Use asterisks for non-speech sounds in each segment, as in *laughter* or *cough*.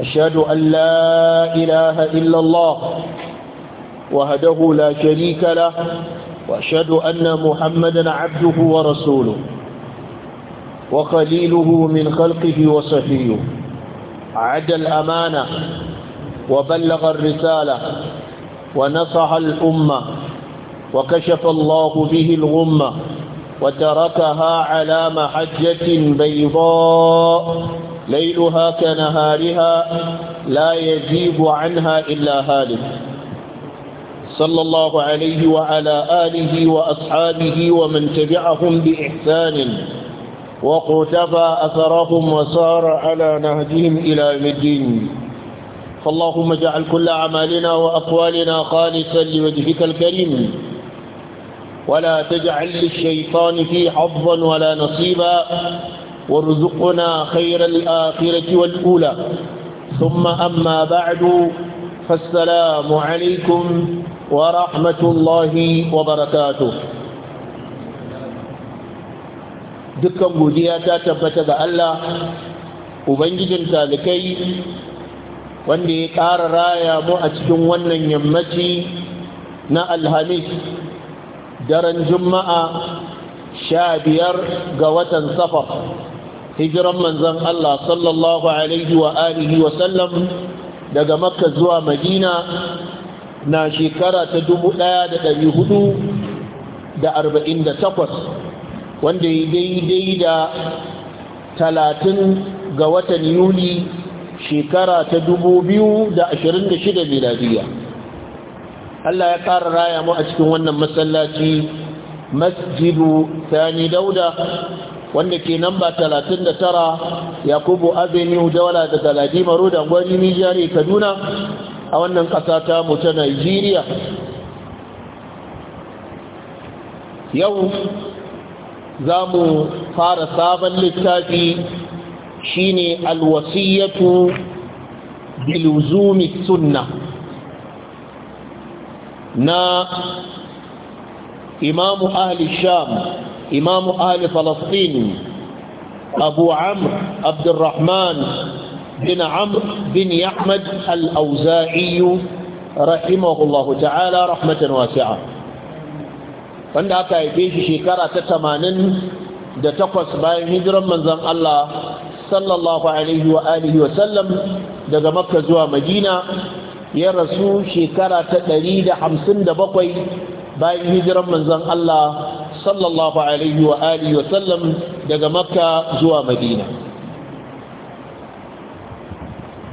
أشهد أن لا إله إلا الله وهده لا شريك له وأشهد أن محمدا عبده ورسوله وخليله من خلقه وصفيه عد الأمانة وبلغ الرسالة ونصح الأمة وكشف الله به الغمة وتركها على محجة بيضاء ليلها كنهارها لا يجيب عنها إلا هالك صلى الله عليه وعلى آله وأصحابه ومن تبعهم بإحسان وقتفى أثرهم وسار على نهجهم إلى يوم الدين فاللهم اجعل كل أعمالنا وأقوالنا خالصا لوجهك الكريم ولا تجعل للشيطان في حظا ولا نصيبا وارزقنا خير الآخرة والأولى ثم أما بعد فالسلام عليكم ورحمة الله وبركاته dukkan godiya ta tabbata ga Allah ubangijin talikai wanda ya ƙara raya mu a cikin wannan yammaci na alhamis daren juma'a sha biyar ga watan safar hijiran manzon Allah sallallahu alaihi wa alihi wa sallam daga makka zuwa madina na shekara ta da takwas, wanda ya daidai da talatin ga watan yuli shekara ta shida miladiya Allah ya ƙara raya mu a cikin wannan masallaci masjidu sani dauda wanda ke namba 39 yakubu avenue dawala da galadi maro da gwani nijiyar kaduna a wannan ƙasa ta mu ta nigeria yau za mu fara sabon littafi shine alwasiyatu biluzumi sunna na imamu ahli sham Imam Ali فلسطين أبو عمرو عبد الرحمن بن عمرو بن يحمد الأوزاعي رحمه wanda aka haife shi shekara ta tamanin da takwas bayan hijiran manzan Allah sallallahu alaihi wa wa sallam daga makka zuwa madina ya rasu shekara ta ɗari da hamsin da bakwai bayan hijiran manzan Allah sallallahu alaihi wa alihi wa sallam daga makka zuwa madina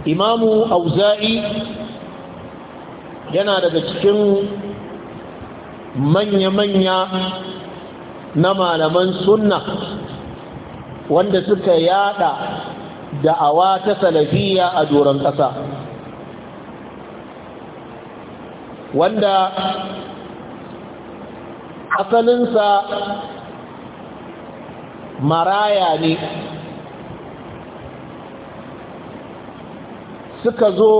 imamu auza'i yana daga cikin manya-manya na malaman sunna wanda suka yada da'awa ta salafiya a doron ƙasa wanda asalinsa maraya ne suka zo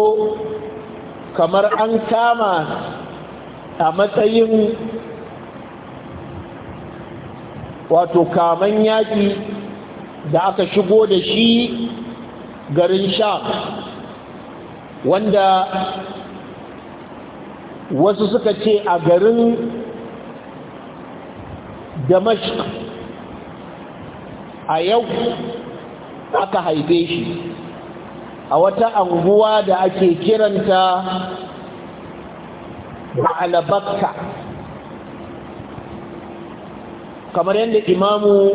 kamar an kama a matsayin wato kaman yaƙi da aka shigo da shi garin sha, wanda wasu suka ce a garin damashq a yau aka haife shi a wata anguwa da ake kiranta ba'alabakka kamar yadda imamu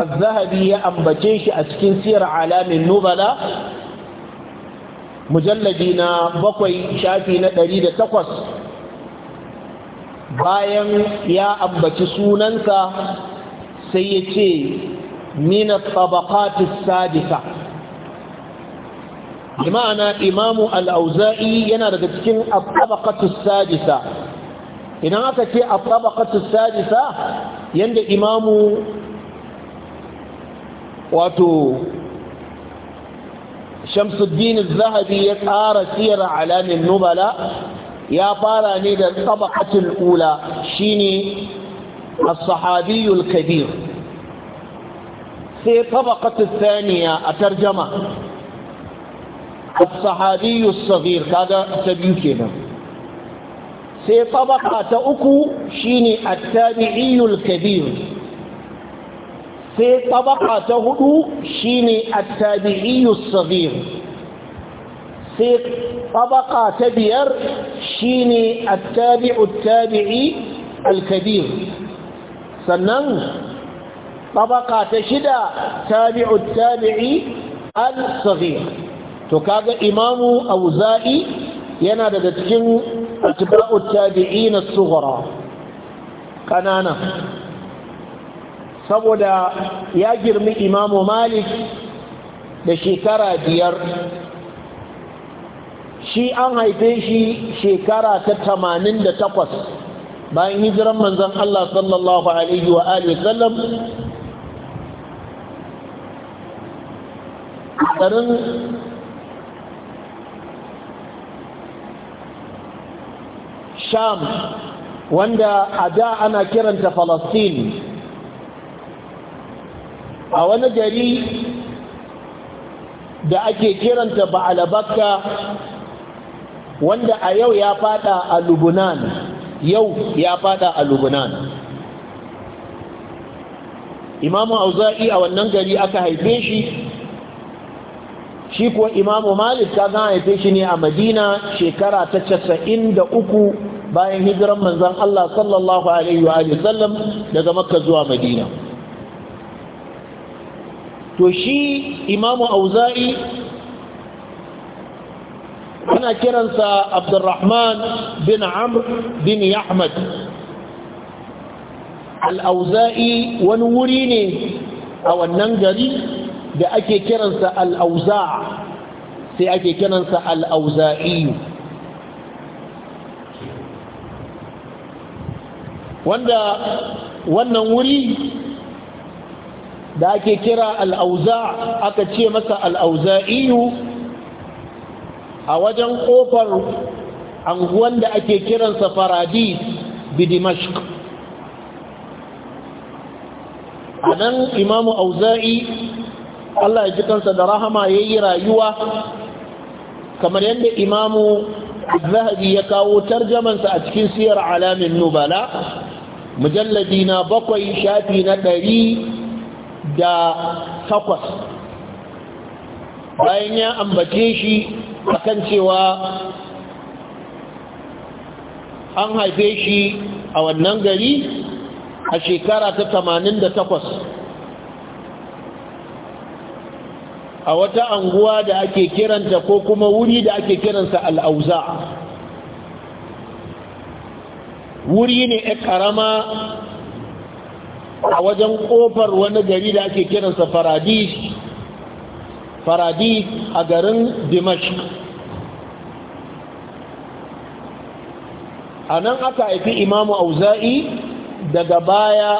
al ya ambace shi a cikin sirar alamin nubala mujalladi na bakwai shafi na ɗari da takwas bayan ya ambaci sunansa sai ya ce mina tabaqatis sadisa bima'ana imamu al-auza'i yana daga cikin tabaqatis sadisa idan aka ce tabaqatis sadisa yadda imamu wato shamsuddin zahabi ya tsara sirar alamin nubala ya fara ne da tabaqatul ula shine as-sahabiyul kabir sai tabaqatul thaniya a tarjama as-sahabiyus saghir kaga ta biyu kenan sai tabaqa ta uku shine at-tabi'iyul kabir sai tabaqa ta hudu shine at-tabi'iyus saghir sai tabaka ta biyar shine attabi'u tabi'i al sannan tabaka ta shida tabi'u tabi'i al-saghir to kaga imamu auza'i yana daga cikin atba'u tabi'i na sughra kanana saboda ya girmi imamu malik da shekara biyar shi an haife shi shekara ta tamanin da takwas bayan hijiran manzan Allah sallallahu Alaihi wa Alaihi sallam tsarin sham wanda a da ana kiranta falastin a wani gari da ake kiranta ba'alabakka wanda a yau ya fada a lubunan yau ya fada a lubunan imamu auza'i a wannan gari aka haife shi shi kuwa imamu malik ta zan haife shi ne a madina shekara ta casa'in da uku bayan hijiran manzan allah sallallahu alaihi wa sallam daga makka zuwa madina to shi imamu auza'i ana kiransa abdurrahman bin amr bin yahmad al'auza'i wani wuri ne a wannan gari da ake kiransa al'auza sai ake kiransa al'auza'i wanda wannan wuri da ake kira al'auza aka ce masa al'auza'iyu a wajen kofar anguwan da ake kiransa faradis bidimashk a nan imamu auza'i allah ya ji kansa da rahama ya yi rayuwa kamar yadda imamu zahabi ya kawo tarjamansa a cikin siyar alamin nubala mujalladi na bakwai shafi na ɗari da takwas bayan ya ambace shi akan cewa an haife shi a wannan gari a shekara ta da 88 a wata anguwa da ake kiranta ko kuma wuri da ake kiransa al'auza wuri ne ya karama a wajen kofar wani gari da ake kiransa faradis faradi a garin dimashq a nan aka haifi imamu auza'i daga baya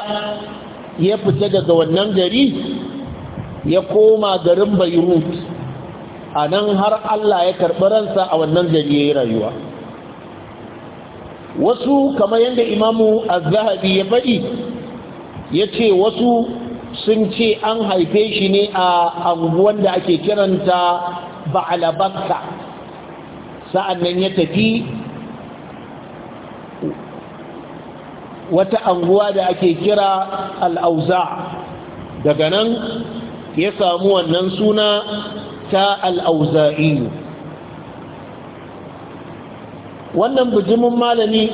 ya fita daga wannan gari ya koma garin beirut a nan har allah ya karɓi ransa a wannan gari ya yi rayuwa wasu kamar yadda imamu azzahabi ya faɗi ya ce wasu sun ce an haife shi ne a anguwan da ake kiranta ba'alabakka nan ya tafi wata anguwa da ake kira al'auza daga nan ya samu wannan suna ta al'auza'iyu wannan bijimin malami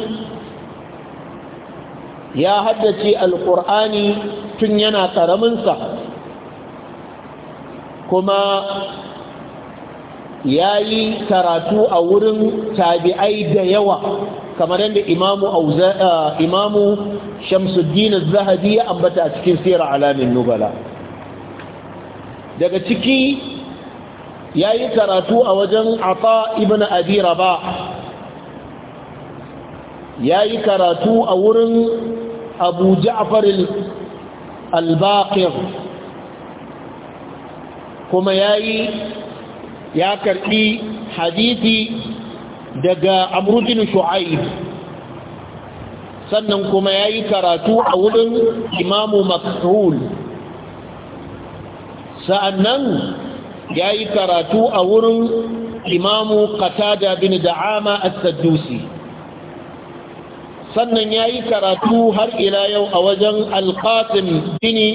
ya haddace alƙur'ani tun yana karaminsa kuma ya yi karatu a wurin tabi'ai da yawa kamar yadda imamu eh, shamsuddin zahabi ya ambata a cikin sirar alamin nubala daga ciki ya yi karatu a wajen Afa ibn Abira ba, ya yi karatu a wurin abu ja'far albaqir kuma yayi ya karbi hadisi daga amrudin shu'aib sannan kuma yayi karatu a wurin imamu makhul sa'annan yayi karatu a wurin imamu qatada bin da'ama as-saddusi sannan ya yi karatu har ila yau a wajen alkatin bini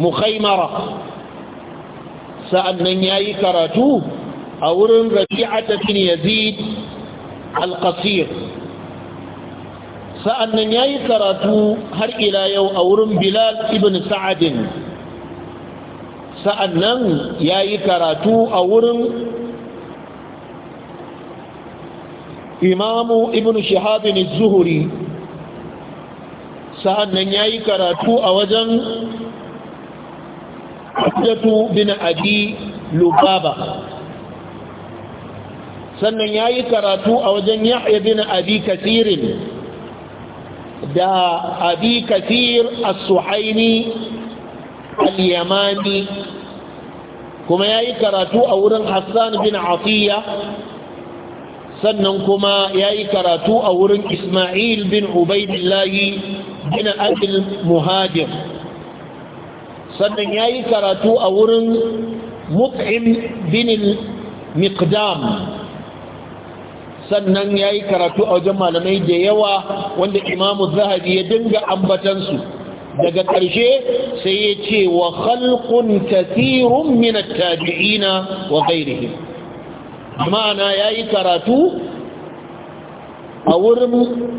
mukhaimara sa'annan ya yi karatu a wurin rabi'ata bin yazid alkasir sa'annan ya yi karatu har ila yau a wurin bilal ibn sa'adin sa'annan ya yi karatu a wurin imamu ibn shahabin zuhuri sa'an nan ya yi karatu a wajen abdatu bin abi lubaba sannan ya yi karatu a wajen yahya bin abi kasirin da abi kasir a suhaini al-yamani kuma ya yi karatu a wurin hassan bin Afiya. sannan kuma ya yi karatu a wurin ismail bin ubaidillahi bin abil muhajir sannan ya yi karatu a wurin mut'im bin miqdam sannan ya yi karatu a wajen malamai da yawa wanda imamu zahari ya dinga ambatansu daga ƙarshe sai ya ce wa khalqun kathirun min tabiina wa ghairihim ma'ana ya yi karatu a wurin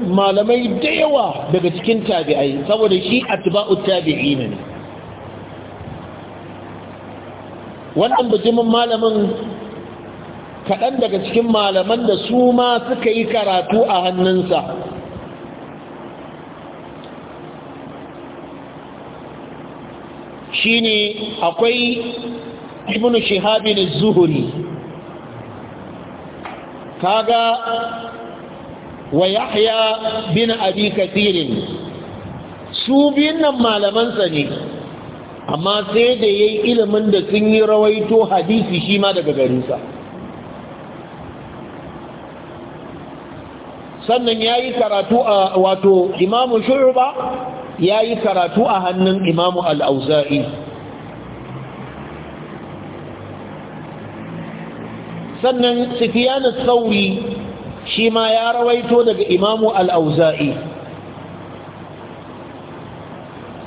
malamai da yawa daga cikin tabi'ai saboda shi atba'u tabi'i ne wannan bijimin malamin kaɗan daga cikin malaman da su ma suka yi karatu a hannunsa shi ne akwai ibn shihabin zuhuri kaga wa yahya bin abi kathirin su biyun nan malamansa ne amma sai da yayi ilimin da sun yi rawaito hadisi shi ma daga garinsa sannan ya yi karatu a wato imamu shu'uba ya yi karatu a hannun imamu auza'i sannan sufiyan sauri shi ma ya rawaito daga imamu al'auza'i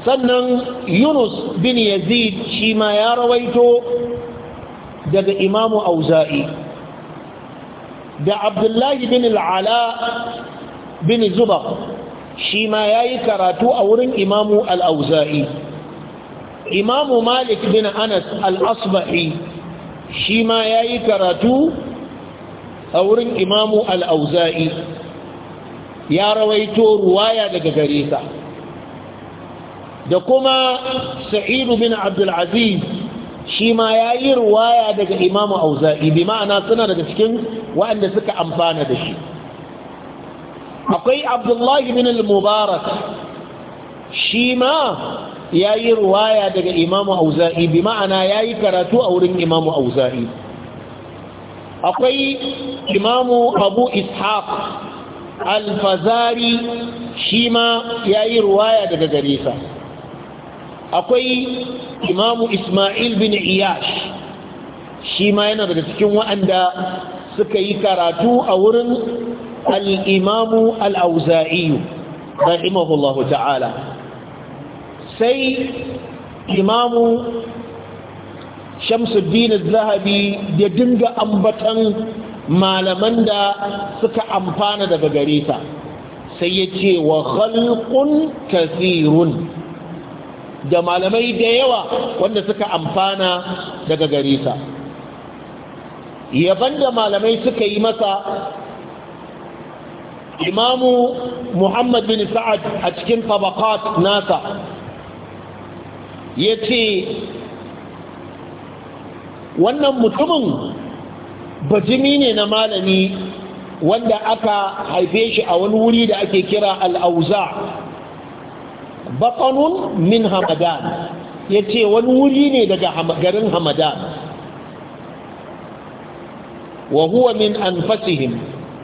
sannan yunus bin yazid shi ma ya rawaito daga imamu auza'i da abdullahi bin al'ala bin zuba shi ma ya yi karatu a wurin imamu al'auza'i imamu malik bin anas al'asba'i shi ma ya yi karatu a wurin imamu al'auza'i ya rawaito ruwaya daga gare sa da kuma sa'idu bin abdulaziz shi ma ya yi ruwaya daga imamu auza'i bi ma'ana suna daga cikin waɗanda suka amfana da shi akwai abdullahi bin al-mubarak shi ma ya yi ruwaya daga imamu auza'i bi ma'ana ya yi karatu a wurin imamu auza'i akwai imamu abu ishaq alfazari shi ma ya yi ruwaya daga gare sa akwai imamu ismail bin iyash shi ma yana daga cikin wa'anda suka yi karatu a wurin al'imamu al'auza'iyu rahimahullahu ta'ala sai imamu shamsuddin zahabi ya dinga ambatan malaman da suka amfana daga gare ta sai ya ce wa khalqun kathirun da malamai da yawa wanda suka amfana daga gare ta yaban da malamai suka yi masa imamu muhammad bin sa'ad a cikin tabakat nasa ya ce wannan mutumin bajimi ne na malami wanda aka haife shi a wani wuri da ake kira al'auza baƙanun min hamadan ya ce wani wuri ne daga garin hamadan wa huwa min anfasihin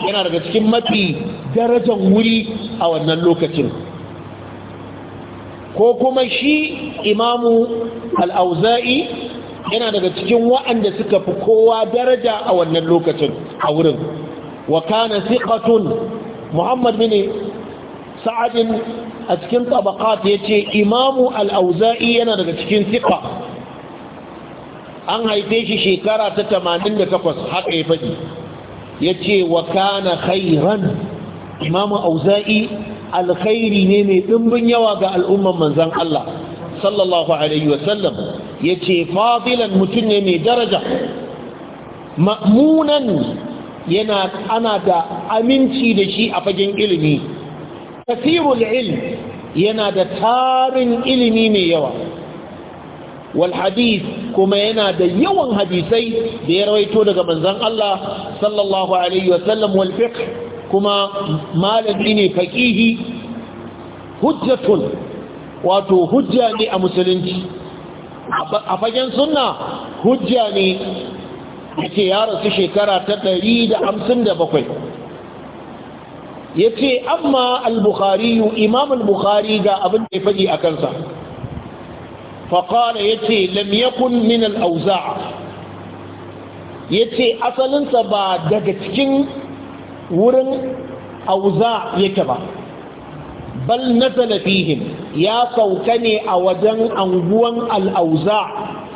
yana daga cikin mafi darajan wuri a wannan lokacin ko kuma shi imamu al'auza'i yana daga cikin wa'anda suka fi kowa daraja a wannan lokacin a wurin wa kana siqatun muhammad bin sa'adin a cikin ya ce imamu al'auza'i yana daga cikin siƙa. an haife shi shekara ta 88 haka ya faɗi yace wa kana khairan imamu auza'i alkhairi ne mai ɗimbin yawa ga al'umman manzan Allah sallallahu alaihi wasallam ya ce fadilan mutum ne mai daraja ma'munan yana ana da aminci da shi a fagen ilimi kasirul ilm yana da tarin ilimi mai yawa wal kuma yana da yawan hadisai da ya rawaito daga manzon Allah sallallahu alaihi wasallam wal fiqh kuma malami ne faƙihi hujjatun wato hujja ne a musulunci a fagen sunna hujja ne yake ya rasu shekara ta ɗari da da bakwai. ya ce amma al-bukhari imam al-bukhari ga abin da ya faɗi a kansa faƙara ya ce lam min al ya ce asalinsa ba daga cikin wurin auza yake ba bal nazala fihim ya sauka ne a wajen anguwan al'auza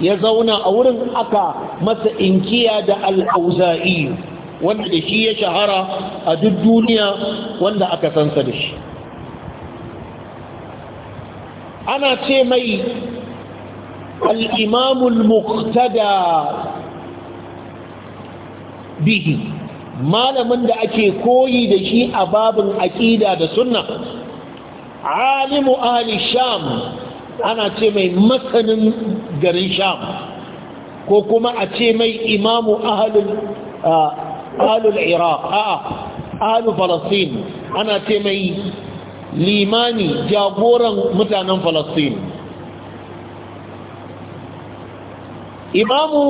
ya zauna a wurin aka masa inkiya da al-auza'i wanda da shi ya shahara a duk duniya wanda aka sansa da shi ana ce mai al'imamul imamul bihi malamin da ake koyi da shi a babin aƙida da sunna alimu ahli sham ana ce mai masanin garin sham ko kuma a ce mai imamu ahalul iraq a ahalu falastin ana ce mai limani jagoran mutanen falastin imamu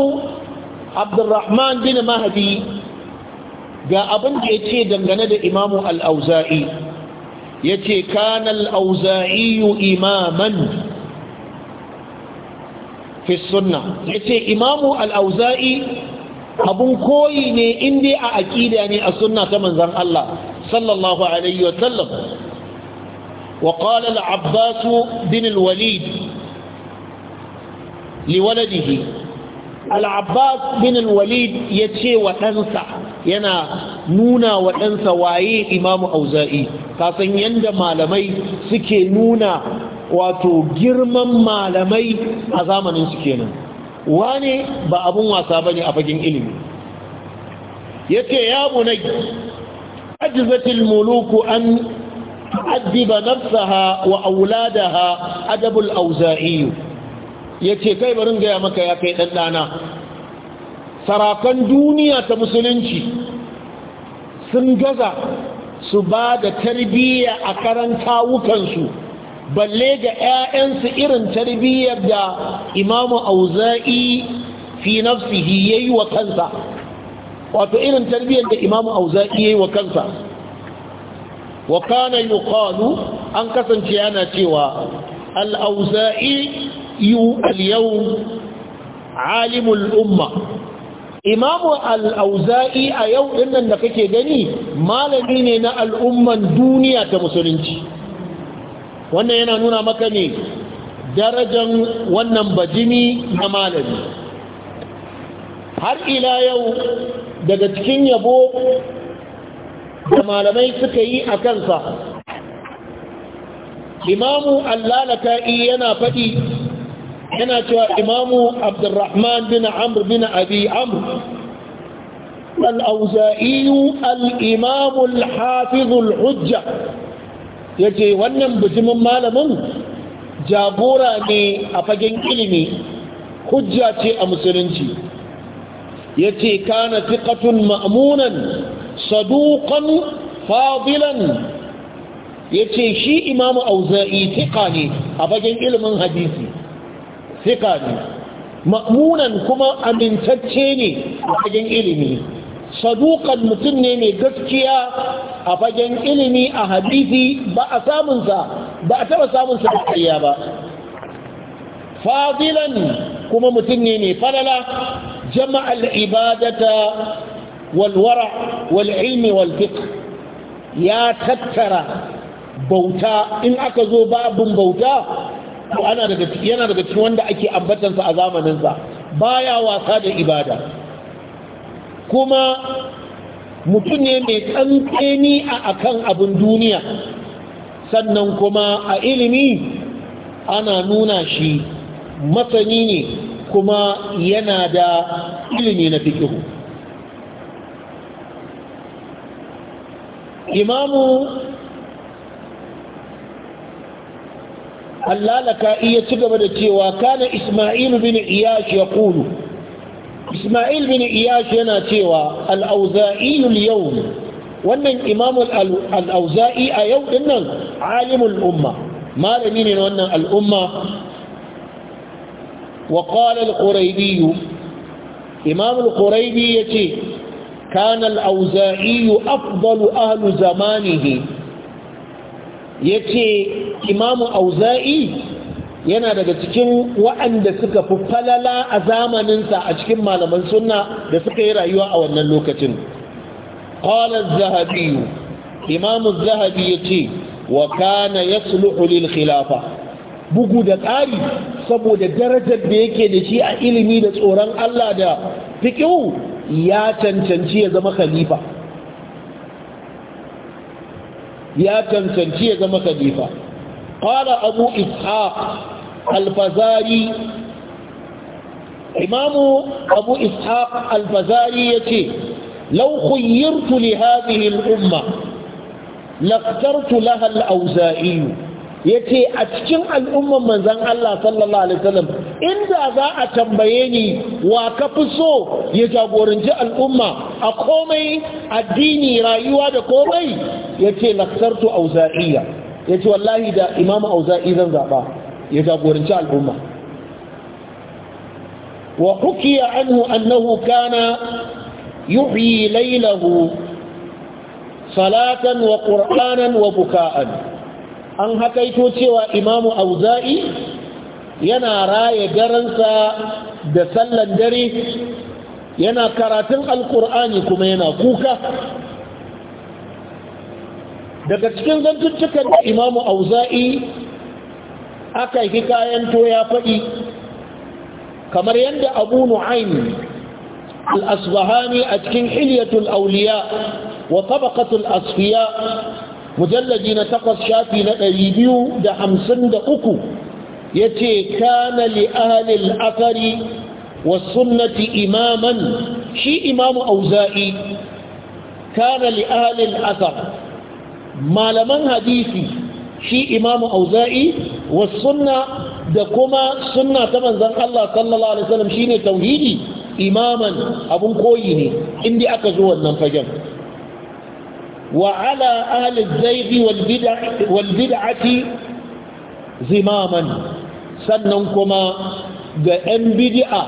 Abdulrahman bin mahdi ga abin da ya ce dangane da imamu al'auza'i ya ce kan al'auza'i imaman fi sunna ya ce imamu al'auza'i abun koyi ne inda a aƙida ne a sunna ta manzan Allah sallallahu alaihi wa wasallam وقال العباس بن الوليد لولده العباس بن الوليد يتشي وتنسى yana nuna wa ɗansa waye imamu auza'i kasan yadda malamai suke nuna wato girman malamai a zamanin su kenan wane ba abun wasa ba ne a fagen ilimi ya ce ya munai ajizatil muluku an addiba nafsaha wa auladaha adabul auza'i ya ce kai barin gaya maka ya kai ɗanɗana sarakan duniya ta musulunci sun gaza su ba da tarbiyya a karan kawukansu balle ga 'ya'yansu irin tarbiyyar da imamu auza'i fi nafsihi ya yi wa kansa wato irin tarbiyyar da imamu auza'i ya yi wa kansa wa kana an kasance yana cewa al-auza'i yu alimul umma imamu al'auza'i a yau dinnan da kake gani malami ne na al'umman duniya ta musulunci wannan yana nuna maka ne darajan wannan bajini na malami har ila yau daga cikin yabo da malamai suka yi a kansa imamu allalaka'i yana faɗi yana cewa imamu abdurrahman bin amr bin abi amr al-auza'i al-imam al-hafiz yace wannan bijimin malamin jagora ne a fagen ilimi hujja ce a musulunci yace kana ma'amunan ma'munan saduqan Ya yace shi imamu auza'i thiqa ne a fagen ilimin hadisi fiƙa ne ma'munan kuma amintacce ne a fagen ilimi sadukan mutum ne mai gaskiya a fagen ilimi a hadisi ba a samunsa ba a taɓa samunsa da ƙarya ba fadilan kuma mutum ne mai falala jama'al ibadata walwara wal'ilmi ya tattara bauta in aka zo babin bauta to ana daga yana daga cikin wanda ake ambatansa a zamanin sa baya wasa da ibada kuma mutum ne mai tsantseni a akan abin duniya sannan kuma a ilimi ana nuna shi masani ne kuma yana da ilimi na fikihu imamu allalaka iya ci gaba da cewa kana isma'il bin iyash ya kulu isma'il bin iyash yana cewa al'auza'iyul yau wannan imamul al'auza'i a yau din nan alimul umma malami ne wannan al'umma wa qala al-quraybi imam al-quraybi yace kana al-auza'i afdalu ahli zamanihi ya ce imamu auza'i yana daga cikin waɗanda suka fi falala a zamaninsa a cikin malaman sunna da suka yi rayuwa a wannan lokacin ƙwalar zahabi imamu zahabi ya ce wa kana ya lil khilafa bugu da ƙari saboda darajar da yake da shi a ilimi da tsoron allah da fiƙiu ya cancanci ya zama khalifa ya cancanci ya zama khalifa qala abu ishaq al-fazari imamu abu ishaq al-fazari yace law khayyartu li hadhihi al-umma laha لها الأوزائي ya ce a cikin al'umman manzan Allah sallallahu Alaihi wasallam inda za a tambaye ni wa ka fi so ya jagoranci al'umma a komai addini rayuwa da komai ya ce laksartu auza'iya ya ce wallahi da imamu auza'i zan zaɓa ya jagoranci al'umma wa hukiya anhu annahu kana yuhi lailahu salatan wa ƙur'anan wa buka'an an hakaito cewa imamu auza'i yana raya garansa da sallan dare yana karatun alkur'ani kuma yana kuka daga cikin zantuttukan da imamu auza'i aka yi kayan ya faɗi kamar yadda abu Nu'ain al-asbahani a cikin hilyatul auliya wa tabaqatul asfiya mujallaji na takwas shafi na ɗari biyu da hamsin da uku ya ce kana li ahalil asari wa sunnati imaman shi imamu auza'i kana li ahalil asar malaman hadisi shi imamu auza'i wa sunna da kuma sunna ta manzan Allah sallallahu alaihi wasallam shine tauhidi imaman abun koyi ne inda aka zo wannan fagen وعلى أهل الزيغ zimaman sannan kuma ga بأن bidi'a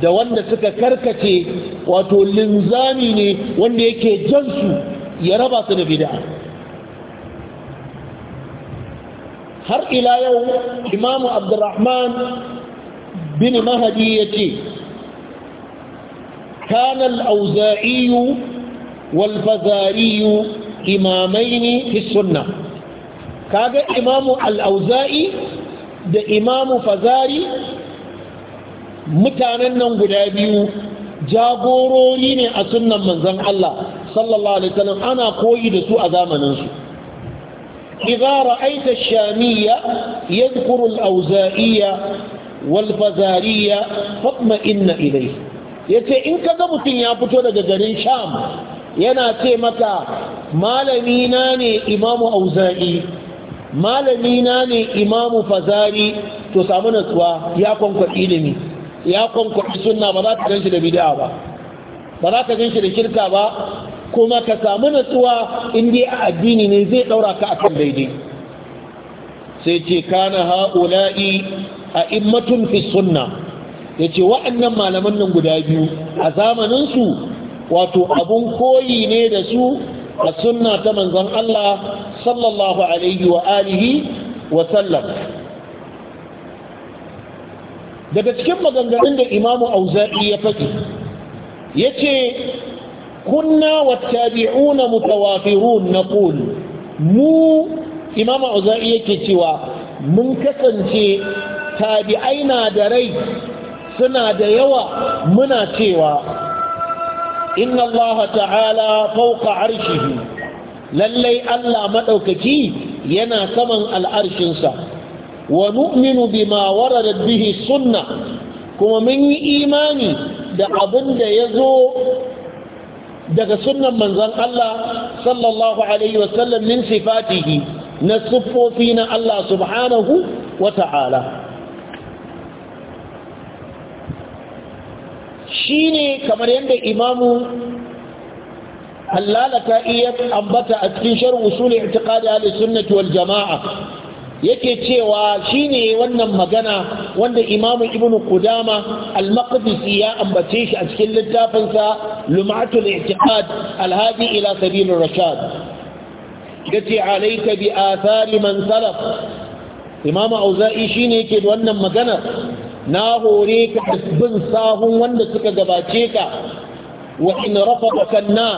da wanda suka karkace wato linzami ne wanda yake su ya raba su da bida'a. har ila yau imamu abdurrahman bin mahadi ya ce kanal auza'iyu walfazariyu. imamaini fi sunna kaga imamu al-auza'i da imamu fazari mutanen nan guda biyu jagorori ne a sunnan manzon Allah sallallahu alaihi wasallam ana koyi da su a zamanin su idza ra'aita ash-shamiyya yadhkuru al-auza'iyya wal-fazariyya fatma inna ilayhi yace in kaga mutun ya fito daga garin sham yana ce maka malami na ne imamu auza'i malami na ne imamu fazari to samu natsuwa ya kwankwa ilimi ya kwankwa sunna ba za ka ganshi da bid'a ba ba za ka ganshi da kirka ba kuma ka samu natsuwa in dai a addini ne zai daura ka akan daidai sai ce kana haula'i a immatun fi sunna yace wa'annan malaman nan guda biyu a zamanin su wato abun koyi ne da su a sunna ta manzon Allah sallallahu alaihi wa alihi wa sallam daga cikin maganganun da imamu auza'i ya faɗi ya ce kunna tabi'una mutawafirun na mu imamu auza'i yake cewa mun kasance tabi'ai na da rai suna da yawa muna cewa inna Allah ta'ala fauka arshihi lallai Allah maɗaukaki yana saman al'arshinsa wa nu'minu bima waradat bihi sunna kuma mun yi imani da abin da ya zo daga sunnan manzon Allah sallallahu alaihi wasallam min sifatihi na siffofi na Allah subhanahu wa ta'ala Shi ne kamar yadda imamu hallalata iya ambata a cikin sharin usulin itikadi ahli sunnati wal jama'a yake cewa shine wannan magana wanda imamu ibnu qudama al-maqdisi ya ambace shi a cikin littafinsa lum'atul itikad alhaji ila sabil ar-rashad yace alayka bi athari man salaf imamu auza'i ne yake da wannan maganar. na hore ka bin sahun wanda suka gabace ka wa in rafa kanna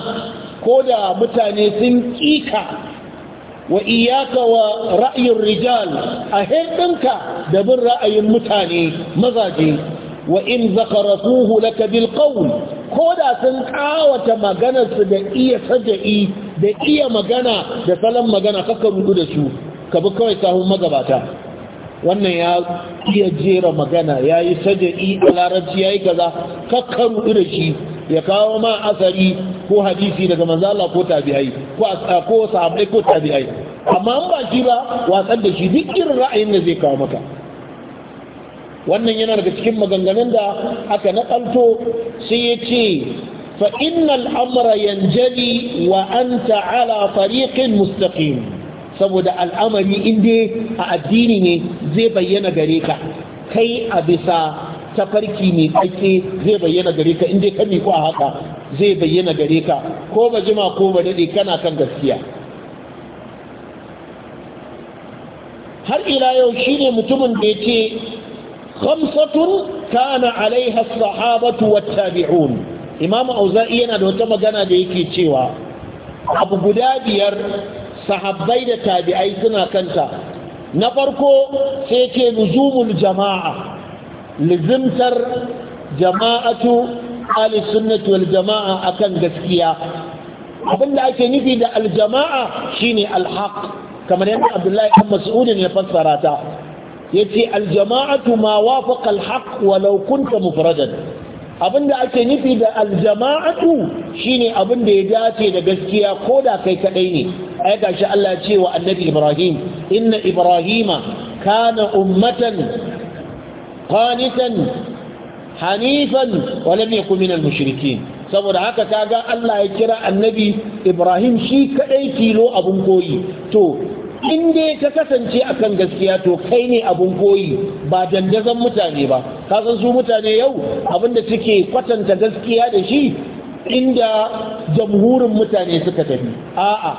ko da mutane sun ƙika wa iyaka wa ra'ayin rijal a haifinka da bin ra'ayin mutane mazaje wa in zakaratuhu laka bil qawl ko da sun kawata maganarsu da iya saja'i da iya magana da salon magana kaka rudu da su ka bi kawai sahun magabata wannan ya iya jera magana ya yi sajadi a larabci ya yi kaza kakkaru irin shi ya kawo ma asari ko hadisi daga manzala ko tabi'ai ko sahabbai ko tabi'ai amma an ba shi ba watsar da shi duk irin ra'ayin da zai kawo maka wannan yana daga cikin maganganun da aka nakalto sai ya ce fa innal yanjali wa ala fariƙin mustaqim saboda al'amari inda a addini ne zai bayyana gare ka kai a bisa tafarki mai tsake zai bayyana gare ka inda ka miƙo a haka zai bayyana gare ka ko ba jima ko ba daɗe kana kan gaskiya har ila yau shine mutumin da ya ce khamsatun kana alaiha sahabatu wattabi'un imamu auza'i yana da wata magana da yake cewa abu guda biyar sahabbai da tabi'ai suna kanta na farko sai ke luzumul jama'a lizimtar jama'atu ahli sunnati wal jama'a akan gaskiya abinda ake nufi da aljama'a shine alhaq kamar yadda Abdullahi ibn mas'udin ya fassara ta yace aljama'atu ma wafaqa alhaq walau mufradan abin da ake nufi da aljama'atu shine abin da ya dace da gaskiya ko da kai kadai ne ai gashi Allah ya ce wa annabi Ibrahim inna Ibrahima kana ummatan qanitan hanifan wa lam yakun minal mushrikeen saboda haka kaga Allah ya kira annabi Ibrahim shi kadai kilo abun koyi to in dai ka kasance akan gaskiya to kai ne abun koyi ba dandazon mutane ba ka san su mutane yau abin da suke kwatanta gaskiya da shi inda jamhurin mutane suka tafi a'a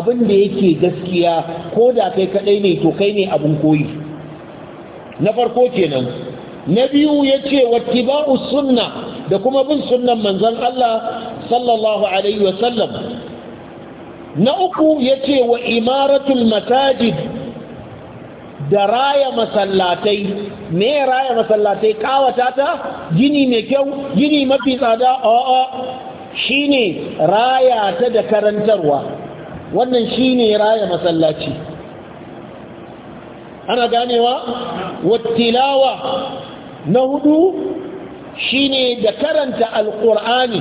abin da yake gaskiya ko da kai kadai ne to kai ne abun koyi na farko kenan na biyu ya ce wattiba'u sunna da kuma bin sunnan manzon Allah sallallahu alaihi wasallam na uku ya ce wa imaratul matajid da raya masallatai ne raya masallatai kawata ta gini mai kyau gini mafi tsada a'a shine raya ta da karantarwa wannan shine raya masallaci ana ganewa wattilawa na hudu shine da karanta alkur'ani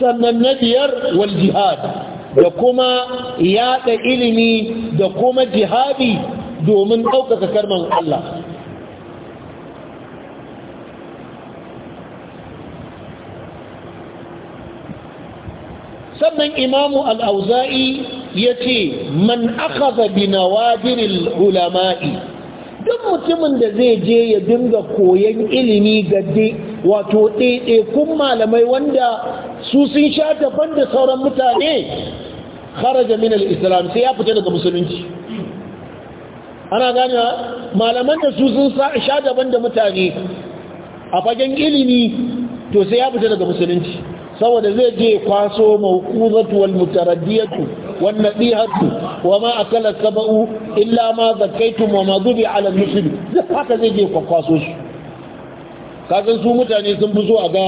sannan na biyar wal jihad da kuma yada ilimi da kuma jihadi domin ɗaukaka karman Allah sannan imamu al'auza'i ya ce man aka bi nawadirin ulama'i duk mutumin da zai je ya dinga koyon ilimi ga wato ɗaiɗaikun malamai wanda su sun sha daban da sauran mutane kharaja min al-islam sai ya fita daga musulunci ana gane malaman da su sun sha daban da mutane a fagen ilimi to sai ya fita daga musulunci saboda zai je kwaso mawquzatu wal mutaraddiyatu wan nadihatu wama akala sab'u illa ma zakaytum wama dhubi ala al-muslim haka zai je kwaso shi. kasan su mutane sun fi so a ga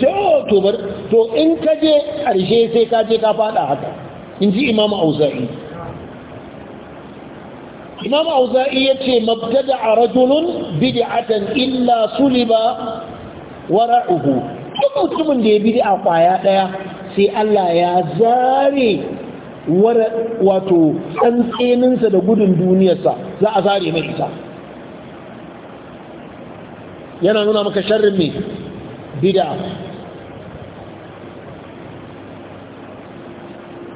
ce oh, to bar to in ka je ƙarshe sai ka je ka fada haka in ji imamu auza'i imamu auza'i ya ce mabtada a rajulun illa suliba wara'uhu duk mutumin da ya bid'a kwaya daya sai Allah ya zare wato tsantseninsa da gudun duniyarsa za a zare mai ita yana nuna maka sharrin mai bid'a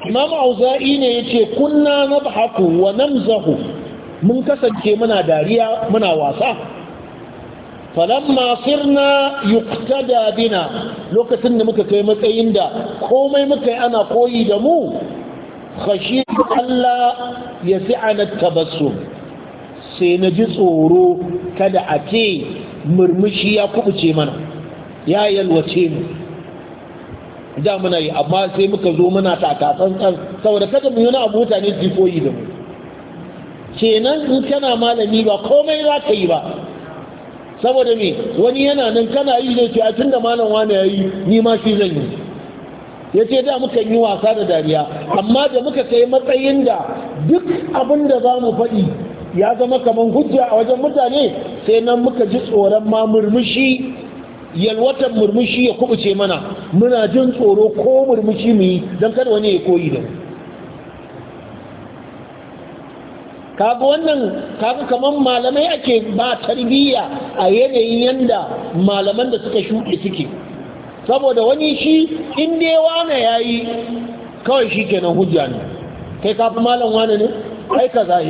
imam auza'i ne yace kunna haku wa namzahu mun kasance muna dariya muna wasa falamma sirna yuqtada bina lokacin da muka kai matsayin da komai muka yi ana koyi da mu khashi Allah ya fi'ana tabassum sai na ji tsoro kada a ce murmushi ya kubuce mana ya yalwace mu da muna yi amma sai muka zo muna takatsan kan saboda kada mu yi wani abu mutane su da mu kenan in kana malami ba komai za ka yi ba saboda me wani yana nan kana yi ne ce a tun da malam wani ya yi ni ma shi zan yi ya ce da muka yi wasa da dariya amma da muka kai matsayin da duk abin da za mu faɗi ya zama kaman hujja a wajen mutane sai nan muka ji tsoron ma murmushi yalwatan murmushi ya kubuce mana muna jin tsoro ko murmushi mu yi don kada wani ya koyi da kaga wannan kaga kamar malamai ake ba tarbiyya a yanayin yanda malaman da suka shuɗe suke saboda wani shi in dai wane yi, kawai shi kenan hujja ne kai kafi malam wane ne ai kaza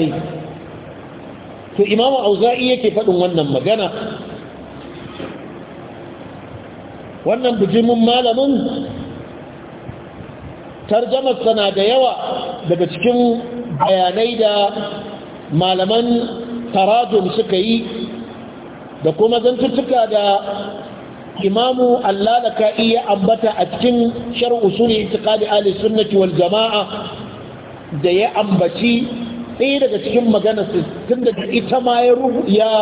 to imamu auza'i yake faɗin wannan magana wannan bujimin malamin tarjamarsa na da yawa daga cikin bayanai da malaman Tarajun suka yi da kuma zantuttuka da imamu Allah da ka iya ambata a cikin shar'u sune itiqadi ahli sunnati wal jama'a da ya ambaci ɗaya daga cikin maganar su tunda ita ma ya ya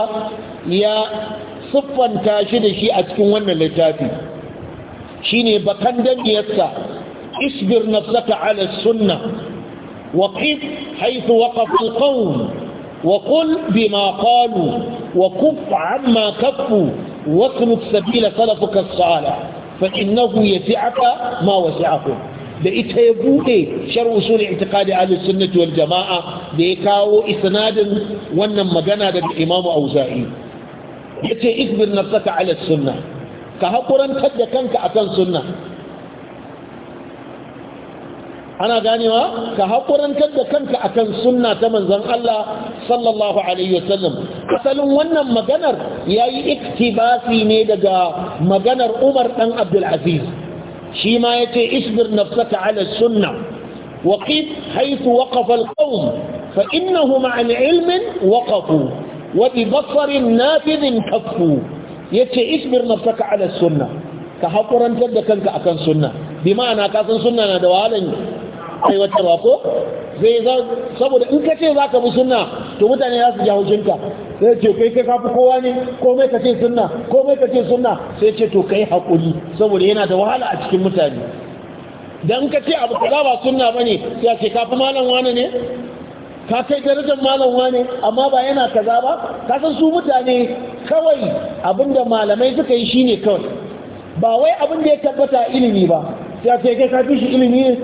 ya siffanta shi da shi a cikin wannan littafi shi ne bakan dangiyarsa isbir nafsaka ala sunna wa qif haythu waqafa al-qawm wa qul bima qalu wa kuf amma kaffu wa sluk sabila salafuka as-salih fa innahu yati'aka ma wasi'ahu da ita ya bude shar usul i'tiqadi ahli sunnati wal jama'a da ya kawo isnadin wannan magana daga imamu auza'i yace ikbir nafsaka ala sunna ka hakurantar da kanka akan sunna ana ganewa ka haƙurantar da kanka akan sunna ta manzon Allah sallallahu alaihi wasallam asalin wannan maganar yayi iktibasi ne daga maganar Umar dan Abdul Aziz shi ma ya ce isbir nafsaka ala sunna wa qif haythu waqafa alqawm fa innahum an ilmin waqafu wa bi basarin nafidin kaffu yace isbir nafsaka ala sunna ka hakurantar da kanka akan sunna bi ma'ana ka san sunna na da wahalan aiwatarwa ko zai za saboda in ka ce za ka bi sunna to mutane za su ji haushinka sai ce kai kai kafi kowa ne komai ka ce sunna komai ka ce sunna sai ce to kai hakuri, saboda yana da wahala a cikin mutane dan ka ce abu kaza ba sunna bane sai ya ce kafi malam wani ne ka kai darajar malam wani amma ba yana kaza ba ka san su mutane kawai abinda malamai suka yi shine kawai ba wai abinda ya tabbata ilimi ba ya ce kai ka fi shi ilimi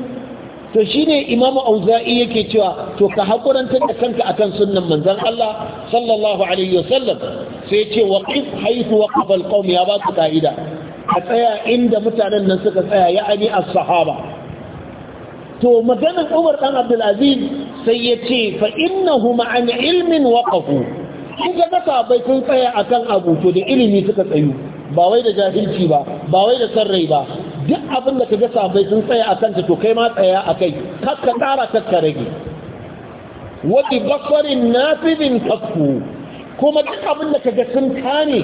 to shine imamu auza'i yake cewa to ka hakurantar da kanka akan sunnan manzon Allah sallallahu alaihi wasallam sai ce waqif haythu waqafa alqawm ya ba su kaida a tsaya inda mutanen nan suka tsaya ya'ani as-sahaba to maganar Umar dan Abdul Aziz sai ya ce fa innahu an ilmin waqafu in ga gata bai sun tsaya akan abu to da ilimi suka tsayu ba wai da jahilci ba ba wai da sarrai ba duk abin da ka ga sabai sun tsaya a kanta to kai ma tsaya a kai kakka tsara kakka rage wadda basarin nafibin kakku kuma duk abin da ka ga sun kane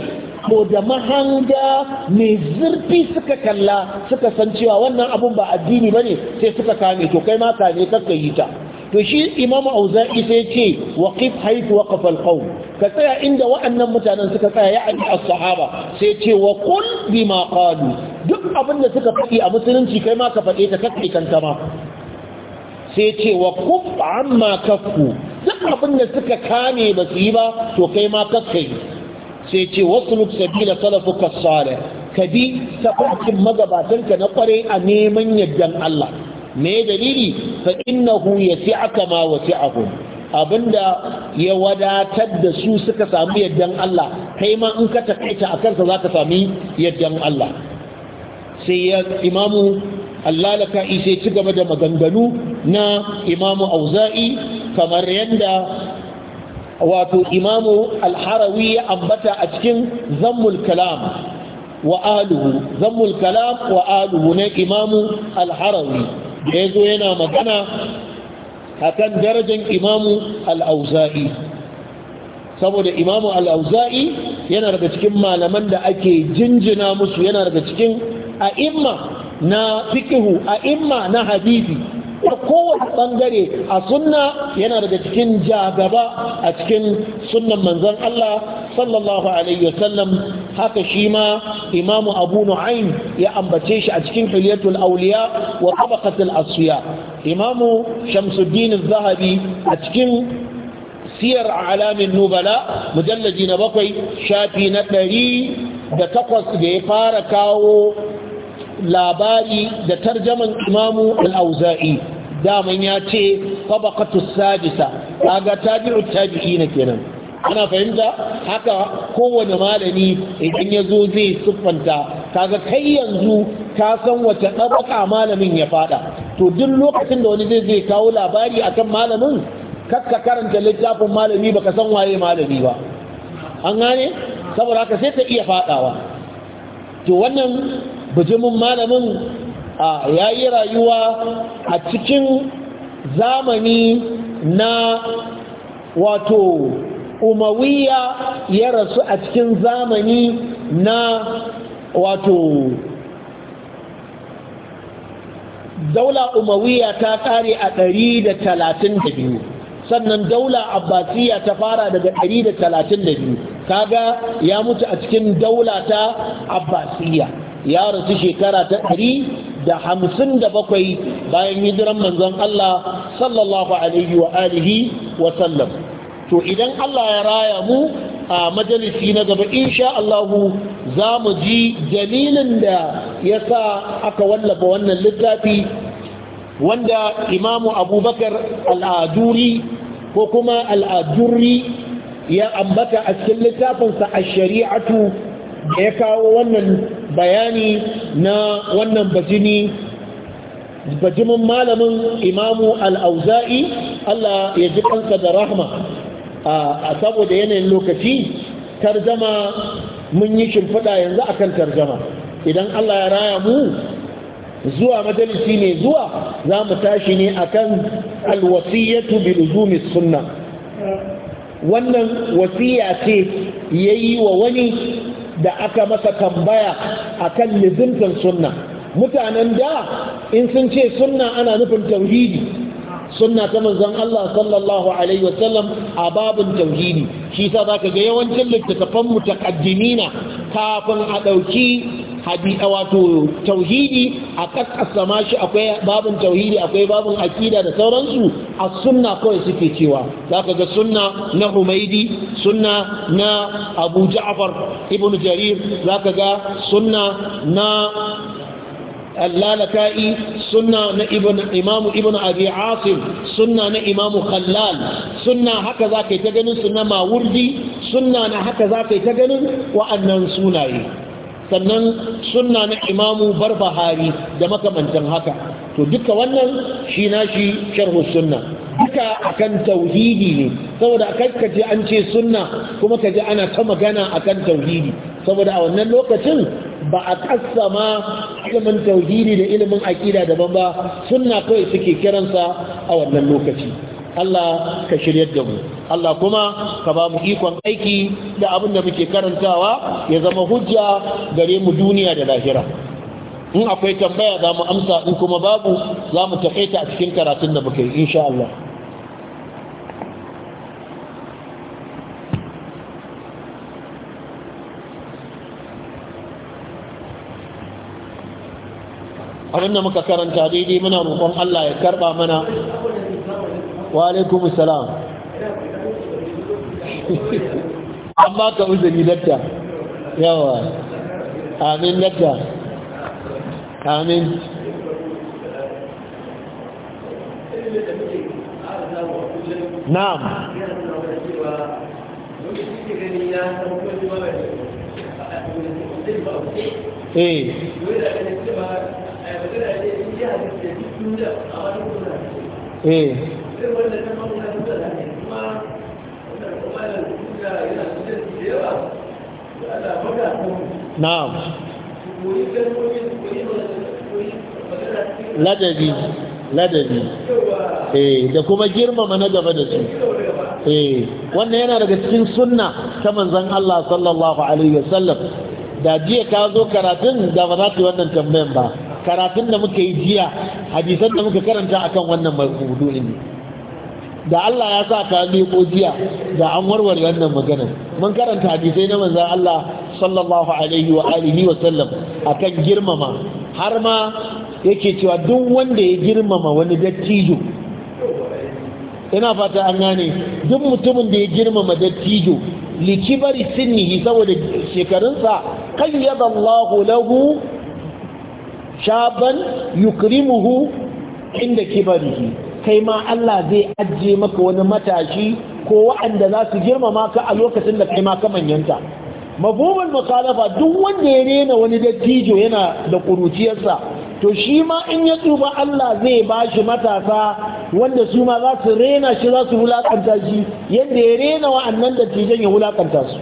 ko da mahanga mai zurfi suka kalla suka san cewa wannan abun ba addini ba ne sai suka kame to kai ma kame kakka yi ta to shi imamu auza'i sai ce waqif haifu waqafa alqawm ka tsaya inda wa'annan mutanen suka tsaya ya aji as-sahaba sai ce wa qul bima qalu duk abin da suka faɗi a musulunci kai ma ka faɗe ta kai kanta ma sai ce wa kuf amma kafu duk abin da suka kame ba su yi ba to kai ma kakkai sai ce wasu sabila salafuka salih ka bi ta magabatan ka na kware a neman yaddan Allah me dalili fa innahu yasi'aka ma wasi'ahum abinda ya wadatar da su suka samu yaddan Allah kai ma in ka takaita a kansa za ka sami yaddan Allah sai ya imamu Allah laka ci gaba da maganganu na imamu auza'i kamar yadda wato imamu harawi ya ambata a cikin zammul kalam wa aluhu zammul kalam wa aluhu ne imamu alharawi da ya zo yana magana a kan darajar imamu al'auza'i saboda imamu al'auza'i yana daga cikin malaman da ake jinjina musu yana daga cikin a'imma na fikihu a'imma na hadisi da kowane bangare a sunna yana daga cikin jagaba a cikin sunnan manzon Allah sallallahu alaihi wasallam haka shi ma imamu abu nu'aym ya ambace shi a cikin hilyatul auliya wa tabaqatul asfiya imamu shamsuddin az-zahabi a cikin siyar alamin nubala mujallaji na bakwai shafi na ɗari da takwas da ya fara kawo labari da tarjaman imamu al-auza'i daman ya ce tabaqatus sadisa kaga tabi'ut tabi'ina kenan ana fahimta haka kowane malami idan ya zo zai siffanta kaga kai yanzu ka san wace ɗabaka malamin ya faɗa, to duk lokacin da wani zai zai kawo labari akan malamin kakka karanta littafin malami baka san waye malami ba an gane saboda haka sai ta iya faɗawa. to wannan bijimin malamin a yayi rayuwa a cikin zamani na wato umawiya ya rasu a cikin zamani na wato daula umawiya ta kare a 132 sannan daula abbasiya ta fara daga 132 kaga ya mutu a cikin daula ta abbasiya ya rasu shekara ta 157 bayan hijiran manzon Allah sallallahu alaihi wa alihi wa sallam to idan Allah ya raya mu a majalisi na gaba insha Allahu za mu ji dalilin da ya sa aka wallafa wannan littafi wanda imamu abubakar al'aduri ko kuma al'aduri ya ambata a cikin littafinsa a shari'atu da ya kawo wannan bayani na wannan bajini bajimin malamin imamu al'auza'i Allah ya ji kansa da rahma a saboda yanayin lokaci tarjama mun yi shimfiɗa yanzu akan tarjama idan Allah ya raya mu zuwa majalisi ne zuwa za mu tashi ne akan alwasiyyatu bi luzumi sunna wannan wasiya ce ya yi wa wani da aka masa tambaya akan lizimtar sunna mutanen da in sun ce sunna ana nufin tauhidi sunna ta manzon Allah sallallahu alaihi wasallam a babin tauhidi shi yasa zaka ga yawancin littattafan mutaqaddimina kafin a dauki hadisa wato tauhidi a kakkasa ma shi akwai babin tauhidi akwai babin akida da sauransu a sunna kawai suke cewa zaka ga sunna na Humaidi sunna na Abu Ja'far ibn Jarir zaka ga sunna na suna na ابن إمام suna haka za سنة yi ta ganin هكذا كي تجنن سنة ما وردي سنة هكذا كي تجنن وأنن سنة sannan sunna na imamu barbahari da makamantan haka to duka wannan shi na shi sharhu sunna duka akan tauhidi ne saboda ka kaji an ce sunna kuma kaji ana ta magana akan tauhidi saboda a wannan lokacin ba a ma ilimin tauhidi da ilimin aƙida daban ba suna kawai suke kiransa a wannan lokaci Allah ka shirya da mu Allah kuma ka ba mu ikon aiki da abin da muke karantawa ya zama hujja gare mu duniya da lahira in akwai tambaya za mu amsa in kuma babu za mu takaita a cikin karatun da muke insha Allah abinda muka karanta daidai muna roƙon Allah ya karɓa mana wa alaikum salam amma *laughs* ka uzuri dakta yawa amin dakta amin na'am eh Eh. na'am ladabi ladabi eh da kuma girmama na gaba da su eh wannan yana daga cikin sunna ta manzon Allah sallallahu alaihi wasallam da jiya ka zo karatun da ba za ka yi wannan tambayan ba karatun da muka yi jiya hadisan da muka karanta akan wannan maudu'in da Allah ya sa ka leko jiya da an warware wannan maganar mun karanta hadisai na manzon Allah sallallahu alaihi wa alihi wa sallam akan girmama har ma yake cewa duk wanda ya girmama wani dattijo ina fata an gane duk mutumin da ya girmama dattijo likibari sinni saboda shekarunsa kayyaba Allahu lahu shaban yukrimuhu inda kibarihi kai ma Allah zai ajiye maka wani matashi ko waɗanda za su girmama ka a lokacin da kai ma ka manyanta mafhumul mukhalafa duk wanda ya rena wani dattijo yana da kuruciyarsa to shi ma in ya tsufa Allah zai ba shi matasa wanda su ma za su rena shi za su wulakanta shi yadda ya rena wa'annan dattijan ya wulakanta su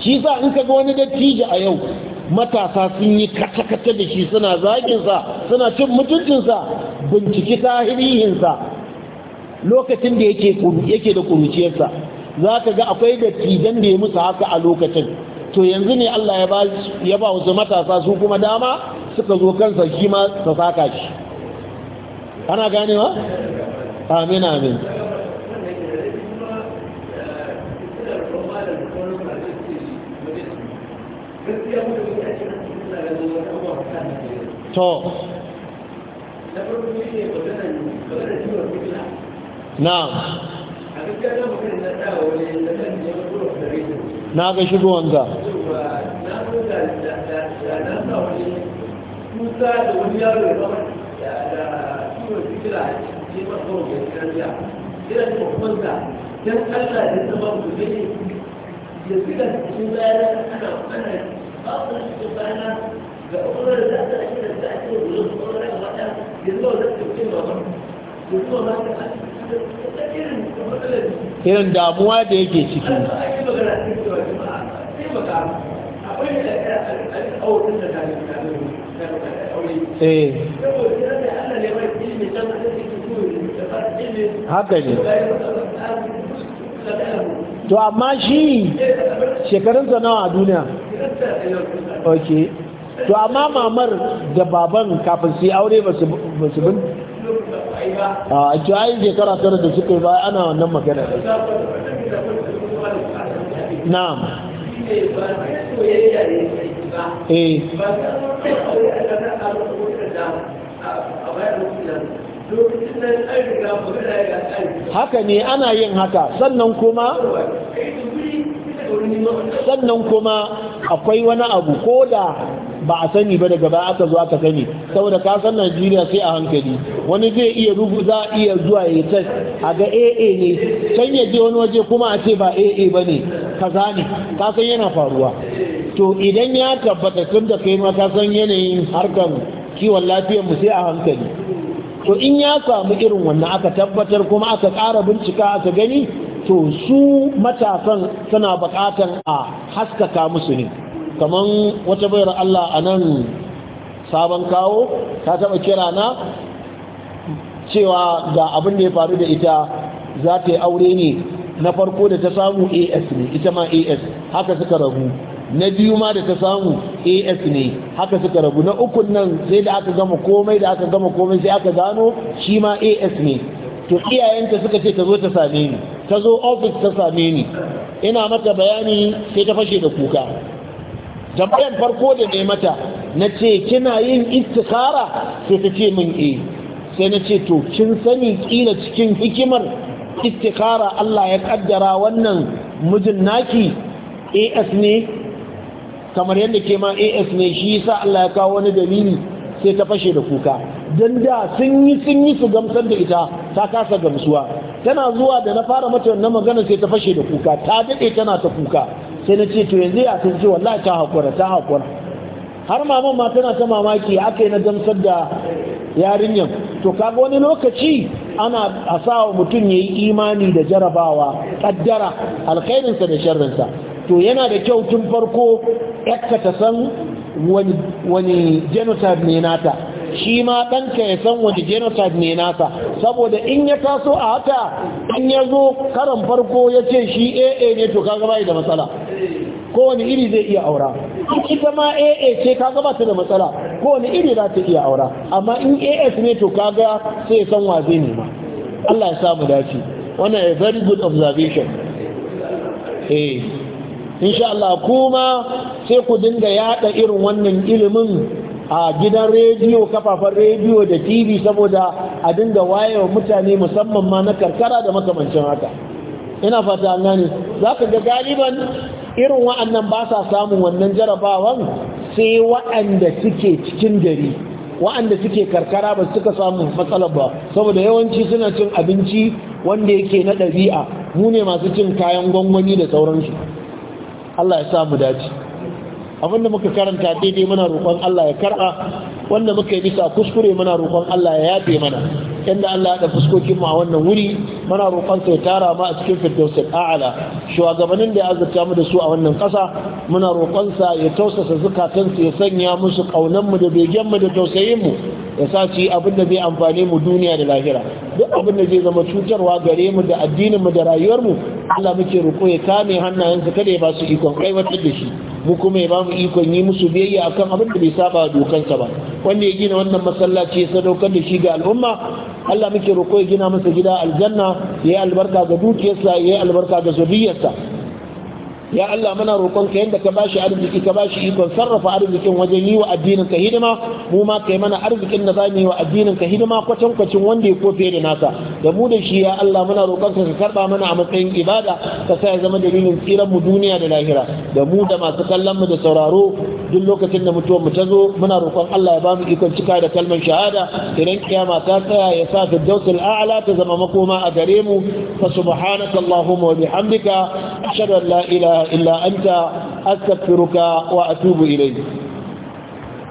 shi sa in ka ga wani dattijo a yau matasa sun yi kata-kata da shi suna zaginsa suna cin mutuncinsa binciki tarihinsa lokacin da yake da kuruciyarsa za ka ga akwai dattijan da ya musu haka a lokacin to yanzu ne Allah ya ba wasu matasa su kuma dama suka zo kansa shi ma ta saka shi ana ganewa? amin amin to na'am na ga shigowar da kusa da wani yaro ya zama da kiwon da a cikin masu gaskiya yana da kwakwanta don allah da zama ne ya fi da cikin bayanan ana da ba su bayanan irin damuwa da yake ciki eh haka ne to amma shi shekarunsa nawa a duniya ok to amma mamar da baban kafin su aure ba su bin a cikin shekara tara da suka yi ba ana wannan magana na'am eh. haka ne ana yin haka sannan kuma sannan kuma akwai wani abu ko da ba a sani ba daga baya aka zo aka sani saboda ka san Najeriya sai a hankali wani zai iya rubu za iya zuwa ya test a ga AA ne can ya je wani waje kuma a ce ba AA ba ne kaza ne ka san yana faruwa to idan ya tabbata tun da kai ma ka san yanayin harkar kiwon lafiyar mu sai a hankali to in ya samu irin wannan aka tabbatar kuma aka ƙara bincika aka gani to su matasan suna bukatan a haskaka musu ne kaman wata bayar Allah a nan sabon kawo ta taɓa kira na cewa ga abin da ya faru da ita za ta yi aure ne na farko da ta samu as ne ita ma as haka suka rabu na biyu ma da ta samu as ne haka suka rabu na ukun nan sai da aka gama komai da aka gama komai sai aka gano shi ma as ne to iyayenta suka ce ta zo ta same ni ta zo ofis ta same ni ina mata bayani sai ta fashe da kuka tambayan farko da ne mata na ce kina yin istikara sai ta ce min eh sai na ce to kin sani kila cikin hikimar istikara Allah ya kaddara wannan mijin naki AS ne kamar yadda ke ma AS ne shi yasa Allah ya kawo wani dalili sai ta fashe da kuka dan da sun yi sun yi su gamsar da ita ta kasa gamsuwa tana zuwa da na fara mata wannan magana sai ta fashe da kuka ta dade tana ta kuka sai na ce to yanzu ya sun ce wallahi ta hakura ta hakura har maman ma tana ta mamaki aka na gamsar da yarinyar to kaga wani lokaci ana a asawa mutum ya yi imani da jarabawa kaddara alkhairinsa da sharrinsa to yana da kyau tun farko yakka ta san wani genocide ne nata shi ma ɗanka ya san wani genocide ne nasa saboda in ya taso a haka in ya zo karan farko ya ce shi aa ne to kaga bai da matsala kowane iri zai iya aura ita ma aa ce kaga ba ta da matsala kowane iri za ta iya aura amma in as ne to kaga sai san waje ne ma, Allah ya samu dace wannan a very good observation eh insha Allah kuma sai ku dinga yada irin wannan ilimin a gidan rediyo kafafen rediyo da tv saboda a dinga wayewa mutane musamman ma na karkara da makamancin haka ina fata an gane za ka ga galiban irin wa'annan ba sa samun wannan jarabawan sai wa'anda suke cikin gari wa'anda suke karkara ba suka samu matsalar ba saboda yawanci suna cin abinci wanda yake na ɗabi'a mu ne masu cin kayan gwangwani da sauransu Allah ya samu dace abinda muka karanta daidai muna roƙon Allah ya karɓa wanda muka yi bisa kuskure muna roƙon Allah ya yafe mana inda Allah ya da fuskokin mu a wannan wuri muna roƙon sai tara mu a cikin firdausul a'la shugabannin da ya azurta mu da su a wannan ƙasa muna roƙon sa ya tausasa zukatan ya sanya musu kaunan mu da begen mu da tausayin mu ya sa ci abin da zai amfane mu duniya da lahira duk abin da zai zama cutarwa gare mu da addinin mu da rayuwar mu Allah muke roƙo ya kame hannayensa kada ya ba su ikon aiwatar da shi mu kuma ya bamu ikon yi musu biyayya akan abin da bai saba dokansa ba wanda ya gina wannan masallaci ya sadaukar da shi ga al'umma Allah muke roƙo ya gina masa gida aljanna ya yi albarka ga dukiyarsa ya yi albarka ga zuriyarsa ya Allah muna roƙon ka yadda ka bashi arziki ka bashi ikon sarrafa arzikin wajen yi wa addinin ka hidima mu ma kai mana arzikin da zamu yi wa addinin ka hidima kwatan kwacin wanda ya kofe da nasa da mu da shi ya Allah muna roƙon ka ka karba mana a matsayin ibada ka sa ya zama dalilin tsiran mu duniya da lahira da mu da masu kallon mu da sauraro duk lokacin da mutuwar mu ta zo muna roƙon Allah ya ba mu ikon cika da kalmar shahada idan kiyama ta tsaya ya sa firdausul a'la ta zama makoma a gare mu fa subhanaka allahumma wa bihamdika ashhadu an la ilaha إلا أنت أستغفرك وأتوب إليك